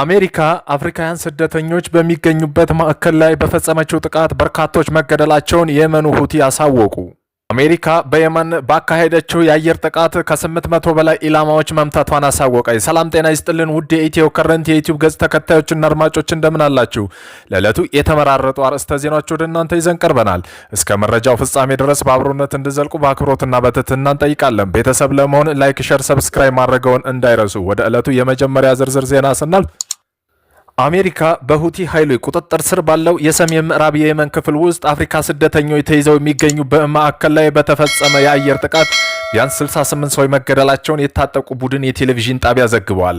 አሜሪካ አፍሪካውያን ስደተኞች በሚገኙበት ማዕከል ላይ በፈጸመችው ጥቃት በርካቶች መገደላቸውን የመኑ ሁቲ አሳወቁ። አሜሪካ በየመን ባካሄደችው የአየር ጥቃት ከ800 በላይ ኢላማዎች መምታቷን አሳወቀች። ሰላም ጤና ይስጥልን ውድ የኢትዮ ከረንት የዩቲዩብ ገጽ ተከታዮችና አድማጮች እንደምን አላችሁ? ለዕለቱ የተመራረጡ አርዕስተ ዜናዎች ወደ እናንተ ይዘን ቀርበናል። እስከ መረጃው ፍጻሜ ድረስ በአብሮነት እንዲዘልቁ በአክብሮትና በትህትና እንጠይቃለን። ቤተሰብ ለመሆን ላይክ፣ ሸር፣ ሰብስክራይብ ማድረገውን እንዳይረሱ። ወደ ዕለቱ የመጀመሪያ ዝርዝር ዜና ስናልፍ አሜሪካ በሁቲ ኃይሎች ቁጥጥር ስር ባለው የሰሜን ምዕራብ የየመን ክፍል ውስጥ አፍሪካ ስደተኞች ተይዘው የሚገኙ በማዕከል ላይ በተፈጸመ የአየር ጥቃት ቢያንስ 68 ሰዎች መገደላቸውን የታጠቁ ቡድን የቴሌቪዥን ጣቢያ ዘግቧል።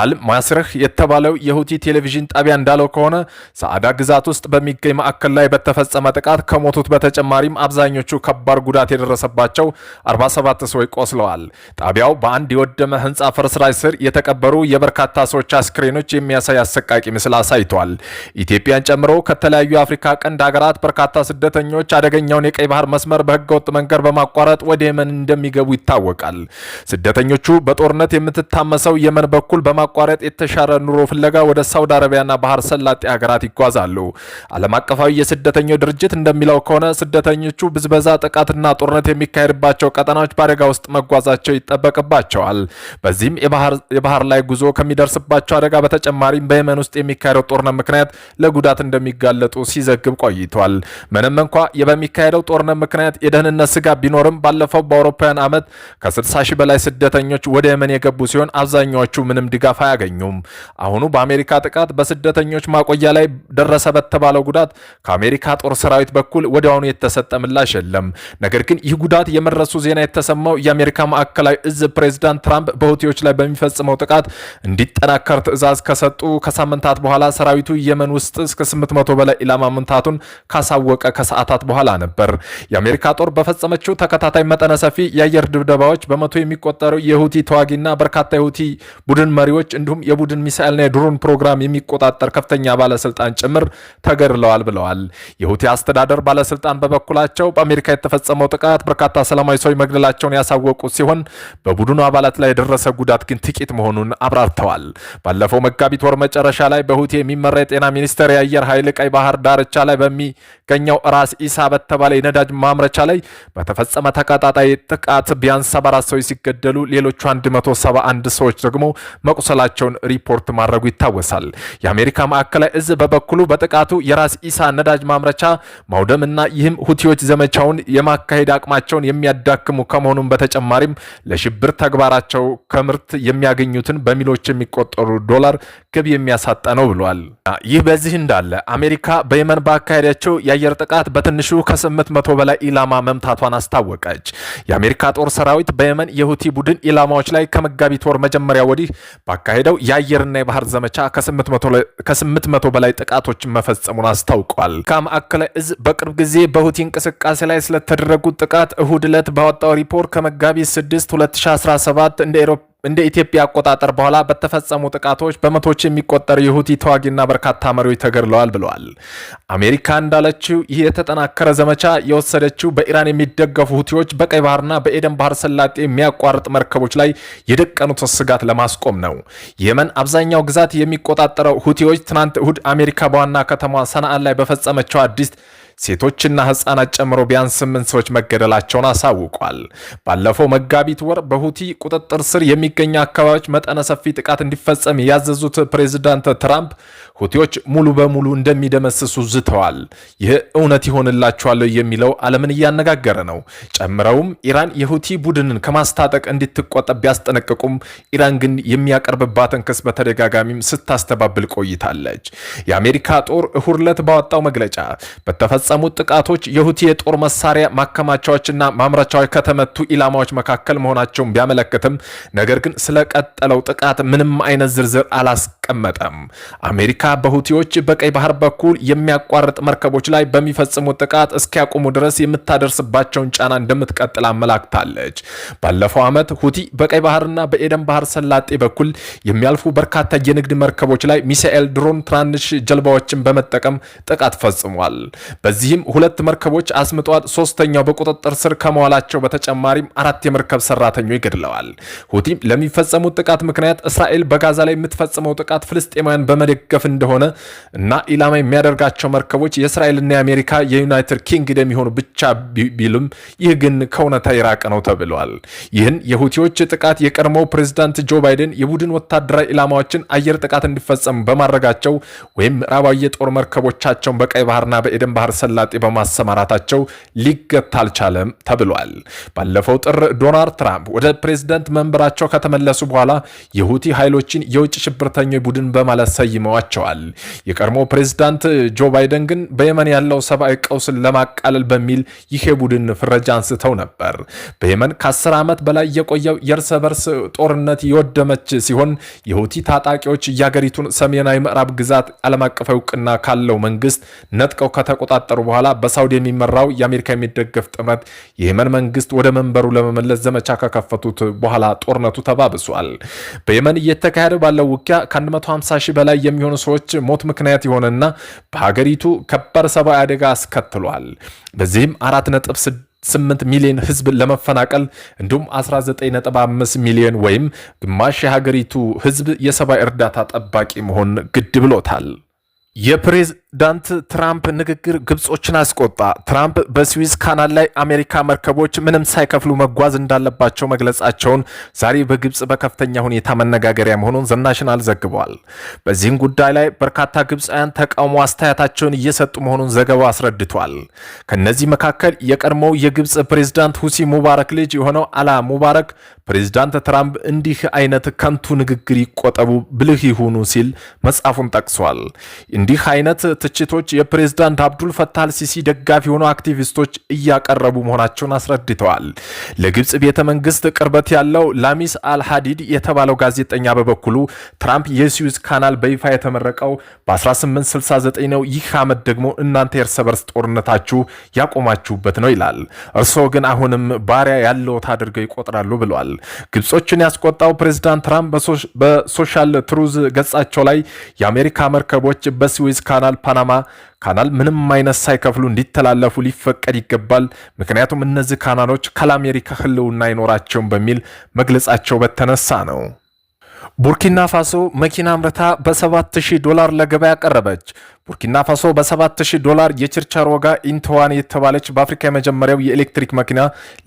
አል ማስረህ የተባለው የሁቲ ቴሌቪዥን ጣቢያ እንዳለው ከሆነ ሳዕዳ ግዛት ውስጥ በሚገኝ ማዕከል ላይ በተፈጸመ ጥቃት ከሞቱት በተጨማሪም አብዛኞቹ ከባድ ጉዳት የደረሰባቸው 47 ሰዎች ቆስለዋል። ጣቢያው በአንድ የወደመ ሕንፃ ፍርስራሽ ስር የተቀበሩ የበርካታ ሰዎች አስክሬኖች የሚያሳይ አሰቃቂ ምስል አሳይቷል። ኢትዮጵያን ጨምሮ ከተለያዩ የአፍሪካ ቀንድ ሀገራት በርካታ ስደተኞች አደገኛውን የቀይ ባህር መስመር በህገወጥ መንገድ በማቋረጥ ወደ የመን እንደሚ እንደሚገቡ ይታወቃል። ስደተኞቹ በጦርነት የምትታመሰው የመን በኩል በማቋረጥ የተሻረ ኑሮ ፍለጋ ወደ ሳውዲ አረቢያና ባህር ሰላጤ ሀገራት ይጓዛሉ። ዓለም አቀፋዊ የስደተኞች ድርጅት እንደሚለው ከሆነ ስደተኞቹ ብዝበዛ፣ ጥቃትና ጦርነት የሚካሄድባቸው ቀጠናዎች በአደጋ ውስጥ መጓዛቸው ይጠበቅባቸዋል። በዚህም የባህር ላይ ጉዞ ከሚደርስባቸው አደጋ በተጨማሪም በየመን ውስጥ የሚካሄደው ጦርነት ምክንያት ለጉዳት እንደሚጋለጡ ሲዘግብ ቆይቷል። ምንም እንኳ በሚካሄደው ጦርነት ምክንያት የደህንነት ስጋት ቢኖርም ባለፈው በአውሮፓ በአውሮፓውያን ዓመት ከ60 ሺህ በላይ ስደተኞች ወደ የመን የገቡ ሲሆን አብዛኛዎቹ ምንም ድጋፍ አያገኙም። አሁኑ በአሜሪካ ጥቃት በስደተኞች ማቆያ ላይ ደረሰ በተባለው ጉዳት ከአሜሪካ ጦር ሰራዊት በኩል ወዲያውኑ የተሰጠ ምላሽ የለም። ነገር ግን ይህ ጉዳት የመድረሱ ዜና የተሰማው የአሜሪካ ማዕከላዊ እዝ ፕሬዚዳንት ትራምፕ በሁቲዎች ላይ በሚፈጽመው ጥቃት እንዲጠናከር ትዕዛዝ ከሰጡ ከሳምንታት በኋላ ሰራዊቱ የመን ውስጥ እስከ 800 በላይ ኢላማ መምታቱን ካሳወቀ ከሰዓታት በኋላ ነበር። የአሜሪካ ጦር በፈጸመችው ተከታታይ መጠነ ሰፊ የአየር ድብደባዎች በመቶ የሚቆጠሩ የሁቲ ተዋጊና በርካታ የሁቲ ቡድን መሪዎች እንዲሁም የቡድን ሚሳኤልና የድሮን ፕሮግራም የሚቆጣጠር ከፍተኛ ባለስልጣን ጭምር ተገድለዋል ብለዋል። የሁቲ አስተዳደር ባለስልጣን በበኩላቸው በአሜሪካ የተፈጸመው ጥቃት በርካታ ሰላማዊ ሰዎች መግደላቸውን ያሳወቁ ሲሆን በቡድኑ አባላት ላይ የደረሰ ጉዳት ግን ጥቂት መሆኑን አብራርተዋል። ባለፈው መጋቢት ወር መጨረሻ ላይ በሁቲ የሚመራ የጤና ሚኒስቴር የአየር ኃይል ቀይ ባህር ዳርቻ ላይ በሚገኘው ራስ ኢሳ በተባለ የነዳጅ ማምረቻ ላይ በተፈጸመ ተቀጣጣይ ጥቃት ጥቃት ቢያንስ 74 ሰዎች ሲገደሉ ሌሎቹ 171 ሰዎች ደግሞ መቁሰላቸውን ሪፖርት ማድረጉ ይታወሳል። የአሜሪካ ማዕከላዊ እዝ በበኩሉ በጥቃቱ የራስ ኢሳ ነዳጅ ማምረቻ ማውደምና ይህም ሁቲዎች ዘመቻውን የማካሄድ አቅማቸውን የሚያዳክሙ ከመሆኑም በተጨማሪም ለሽብር ተግባራቸው ከምርት የሚያገኙትን በሚሎች የሚቆጠሩ ዶላር ገቢ የሚያሳጣ ነው ብሏል። ይህ በዚህ እንዳለ አሜሪካ በየመን ባካሄደችው የአየር ጥቃት በትንሹ ከ800 በላይ ኢላማ መምታቷን አስታወቀች። የአሜሪካ ጦር ሰራዊት በየመን የሁቲ ቡድን ኢላማዎች ላይ ከመጋቢት ወር መጀመሪያ ወዲህ ባካሄደው የአየርና የባህር ዘመቻ ከ800 በላይ ጥቃቶችን መፈጸሙን አስታውቋል። ከማዕከላዊ እዝ በቅርብ ጊዜ በሁቲ እንቅስቃሴ ላይ ስለተደረጉት ጥቃት እሁድ ዕለት ባወጣው ሪፖርት ከመጋቢት 6 2017 እንደ ኤሮፓ እንደ ኢትዮጵያ አቆጣጠር በኋላ በተፈጸሙ ጥቃቶች በመቶች የሚቆጠር የሁቲ ተዋጊና በርካታ መሪዎች ተገድለዋል ብለዋል። አሜሪካ እንዳለችው ይህ የተጠናከረ ዘመቻ የወሰደችው በኢራን የሚደገፉ ሁቲዎች በቀይ ባህርና በኤደን ባህር ሰላጤ የሚያቋርጥ መርከቦች ላይ የደቀኑት ስጋት ለማስቆም ነው። የመን አብዛኛው ግዛት የሚቆጣጠረው ሁቲዎች ትናንት እሁድ አሜሪካ በዋና ከተማ ሰንዓ ላይ በፈጸመችው አዲስ ሴቶችና ህጻናት ጨምሮ ቢያንስ ስምንት ሰዎች መገደላቸውን አሳውቋል። ባለፈው መጋቢት ወር በሁቲ ቁጥጥር ስር የሚገኙ አካባቢዎች መጠነ ሰፊ ጥቃት እንዲፈጸም ያዘዙት ፕሬዚዳንት ትራምፕ ሁቲዎች ሙሉ በሙሉ እንደሚደመስሱ ዝተዋል። ይህ እውነት ይሆንላቸዋል የሚለው ዓለምን እያነጋገረ ነው። ጨምረውም ኢራን የሁቲ ቡድንን ከማስታጠቅ እንድትቆጠብ ቢያስጠነቅቁም ኢራን ግን የሚያቀርብባትን ክስ በተደጋጋሚም ስታስተባብል ቆይታለች። የአሜሪካ ጦር እሁድ ዕለት ባወጣው መግለጫ በተፈጸ በተፈጸሙት ጥቃቶች የሁቲ የጦር መሳሪያ ማከማቻዎችና ማምረቻዎች ከተመቱ ኢላማዎች መካከል መሆናቸውን ቢያመለክትም ነገር ግን ስለቀጠለው ጥቃት ምንም አይነት ዝርዝር አላስቀመጠም። አሜሪካ በሁቲዎች በቀይ ባህር በኩል የሚያቋርጥ መርከቦች ላይ በሚፈጽሙት ጥቃት እስኪያቆሙ ድረስ የምታደርስባቸውን ጫና እንደምትቀጥል አመላክታለች። ባለፈው ዓመት ሁቲ በቀይ ባህርና በኤደን ባህር ሰላጤ በኩል የሚያልፉ በርካታ የንግድ መርከቦች ላይ ሚሳኤል፣ ድሮን፣ ትናንሽ ጀልባዎችን በመጠቀም ጥቃት ፈጽሟል። በዚህም ሁለት መርከቦች አስምጠዋል። ሶስተኛው በቁጥጥር ስር ከመዋላቸው በተጨማሪም አራት የመርከብ ሰራተኞች ገድለዋል። ሁቲም ለሚፈጸሙት ጥቃት ምክንያት እስራኤል በጋዛ ላይ የምትፈጽመው ጥቃት ፍልስጤማውያን በመደገፍ እንደሆነ እና ኢላማ የሚያደርጋቸው መርከቦች የእስራኤልና የአሜሪካ የዩናይትድ ኪንግ የሆኑ ብቻ ቢሉም ይህ ግን ከእውነታ የራቀ ነው ተብሏል። ይህን የሁቲዎች ጥቃት የቀድሞው ፕሬዚዳንት ጆ ባይደን የቡድን ወታደራዊ ኢላማዎችን አየር ጥቃት እንዲፈጸም በማድረጋቸው ወይም ምዕራባዊ የጦር መርከቦቻቸውን በቀይ ባህርና በኤደን ባህር ሰላጤ በማሰማራታቸው ሊገታ አልቻለም ተብሏል። ባለፈው ጥር ዶናልድ ትራምፕ ወደ ፕሬዝደንት መንበራቸው ከተመለሱ በኋላ የሁቲ ኃይሎችን የውጭ ሽብርተኞች ቡድን በማለት ሰይመዋቸዋል። የቀድሞ ፕሬዝዳንት ጆ ባይደን ግን በየመን ያለው ሰብአዊ ቀውስን ለማቃለል በሚል ይሄ ቡድን ፍረጃ አንስተው ነበር። በየመን ከአስር ዓመት በላይ የቆየው የእርስ በርስ ጦርነት የወደመች ሲሆን የሁቲ ታጣቂዎች የአገሪቱን ሰሜናዊ ምዕራብ ግዛት ዓለም አቀፍ እውቅና ካለው መንግስት ነጥቀው ከተቆጣጠ ከተቆጣጠሩ በኋላ በሳውዲ የሚመራው የአሜሪካ የሚደገፍ ጥምረት የየመን መንግስት ወደ መንበሩ ለመመለስ ዘመቻ ከከፈቱት በኋላ ጦርነቱ ተባብሷል። በየመን እየተካሄደ ባለው ውጊያ ከ150 ሺህ በላይ የሚሆኑ ሰዎች ሞት ምክንያት የሆነና በሀገሪቱ ከባድ ሰብአዊ አደጋ አስከትሏል። በዚህም 4.6 8 ሚሊዮን ህዝብ ለመፈናቀል እንዲሁም 19.5 ሚሊዮን ወይም ግማሽ የሀገሪቱ ህዝብ የሰብአዊ እርዳታ ጠባቂ መሆን ግድ ብሎታል። ፕሬዝዳንት ትራምፕ ንግግር ግብጾችን አስቆጣ። ትራምፕ በስዊዝ ካናል ላይ አሜሪካ መርከቦች ምንም ሳይከፍሉ መጓዝ እንዳለባቸው መግለጻቸውን ዛሬ በግብጽ በከፍተኛ ሁኔታ መነጋገሪያ መሆኑን ዘናሽናል ዘግቧል። በዚህም ጉዳይ ላይ በርካታ ግብፃውያን ተቃውሞ አስተያየታቸውን እየሰጡ መሆኑን ዘገባው አስረድቷል። ከእነዚህ መካከል የቀድሞው የግብፅ ፕሬዝዳንት ሁሲ ሙባረክ ልጅ የሆነው አላ ሙባረክ ፕሬዝዳንት ትራምፕ እንዲህ አይነት ከንቱ ንግግር ይቆጠቡ፣ ብልህ ይሁኑ ሲል መጽሐፉን ጠቅሷል። እንዲህ አይነት ትችቶች የፕሬዝዳንት አብዱል ፈታህ አልሲሲ ደጋፊ የሆኑ አክቲቪስቶች እያቀረቡ መሆናቸውን አስረድተዋል። ለግብፅ ቤተ መንግስት ቅርበት ያለው ላሚስ አልሃዲድ የተባለው ጋዜጠኛ በበኩሉ ትራምፕ የስዊዝ ካናል በይፋ የተመረቀው በ1869 ነው፣ ይህ ዓመት ደግሞ እናንተ የእርስ በርስ ጦርነታችሁ ያቆማችሁበት ነው ይላል። እርስዎ ግን አሁንም ባሪያ ያለዎት አድርገው ይቆጥራሉ ብለዋል። ግብጾችን ያስቆጣው ፕሬዚዳንት ትራምፕ በሶሻል ትሩዝ ገጻቸው ላይ የአሜሪካ መርከቦች በስዊዝ ካናል ፓናማ ካናል ምንም አይነት ሳይከፍሉ እንዲተላለፉ ሊፈቀድ ይገባል፣ ምክንያቱም እነዚህ ካናሎች ካለአሜሪካ ህልውና አይኖራቸውም በሚል መግለጻቸው በተነሳ ነው። ቡርኪና ፋሶ መኪና አምርታ በ7000 ዶላር ለገበያ ቀረበች። ቡርኪና ፋሶ በ7000 ዶላር የችርቻሮ ዋጋ ኢንተዋን የተባለች በአፍሪካ የመጀመሪያው የኤሌክትሪክ መኪና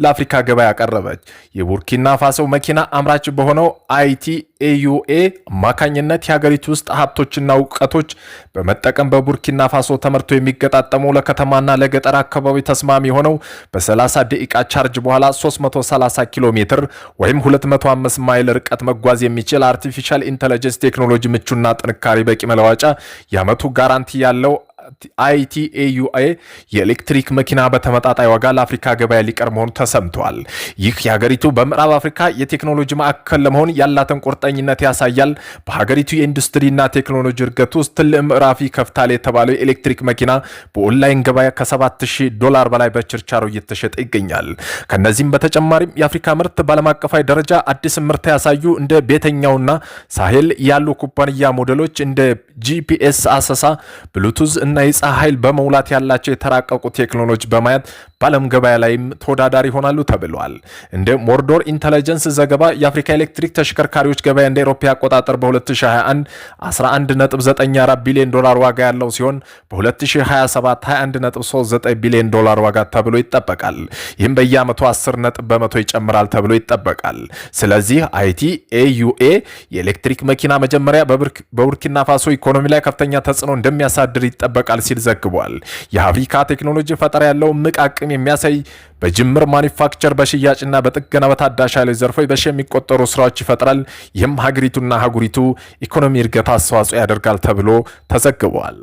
ለአፍሪካ ገበያ አቀረበች። የቡርኪና ፋሶ መኪና አምራች በሆነው አይቲ ኤዩኤ አማካኝነት የሀገሪቱ ውስጥ ሀብቶችና እውቀቶች በመጠቀም በቡርኪና ፋሶ ተመርቶ የሚገጣጠሙ ለከተማና ለገጠር አካባቢ ተስማሚ የሆነው በ30 ደቂቃ ቻርጅ በኋላ 330 ኪሎ ሜትር ወይም 205 ማይል ርቀት መጓዝ የሚችል አርቲፊሻል ኢንተለጀንስ ቴክኖሎጂ ምቹና ጥንካሬ በቂ መለዋጫ የአመቱ ጋራንቲ ጋራንቲ ያለው አይቲኤዩኤ የኤሌክትሪክ መኪና በተመጣጣይ ዋጋ ለአፍሪካ ገበያ ሊቀር መሆኑ ተሰምተዋል። ይህ የሀገሪቱ በምዕራብ አፍሪካ የቴክኖሎጂ ማዕከል ለመሆን ያላትን ቁርጠኝነት ያሳያል። በሀገሪቱ የኢንዱስትሪና ቴክኖሎጂ እድገት ውስጥ ትልቅ ምዕራፍ ይከፍታል የተባለው የኤሌክትሪክ መኪና በኦንላይን ገበያ ከ7000 ዶላር በላይ በችርቻሮ እየተሸጠ ይገኛል። ከነዚህም በተጨማሪም የአፍሪካ ምርት በዓለም አቀፋዊ ደረጃ አዲስ ምርት ያሳዩ እንደ ቤተኛውና ሳሄል ያሉ ኩባንያ ሞዴሎች እንደ ጂፒኤስ አሰሳ፣ ብሉቱዝ የፀሐይና የፀሐይ ኃይል በመውላት ያላቸው የተራቀቁ ቴክኖሎጂ በማየት በዓለም ገበያ ላይም ተወዳዳሪ ይሆናሉ ተብለዋል። እንደ ሞርዶር ኢንተለጀንስ ዘገባ የአፍሪካ ኤሌክትሪክ ተሽከርካሪዎች ገበያ እንደ ኤሮፓ አቆጣጠር በ2021 11.94 ቢሊዮን ዶላር ዋጋ ያለው ሲሆን በ2027 21.39 ቢሊዮን ዶላር ዋጋ ተብሎ ይጠበቃል። ይህም በየዓመቱ 10 ነጥብ በመቶ ይጨምራል ተብሎ ይጠበቃል። ስለዚህ አይቲ ኤዩኤ የኤሌክትሪክ መኪና መጀመሪያ በቡርኪና ፋሶ ኢኮኖሚ ላይ ከፍተኛ ተጽዕኖ እንደሚያሳድር ይጠበቃል ቃል ሲል ዘግቧል። የአፍሪካ ቴክኖሎጂ ፈጠራ ያለው እምቅ አቅም የሚያሳይ በጅምር ማኒፋክቸር በሽያጭና በጥገና በታዳሽ ኃይሎች ዘርፎች በሺ የሚቆጠሩ ስራዎች ይፈጥራል። ይህም ሀገሪቱና ሀጉሪቱ ኢኮኖሚ እድገት አስተዋጽኦ ያደርጋል ተብሎ ተዘግቧል።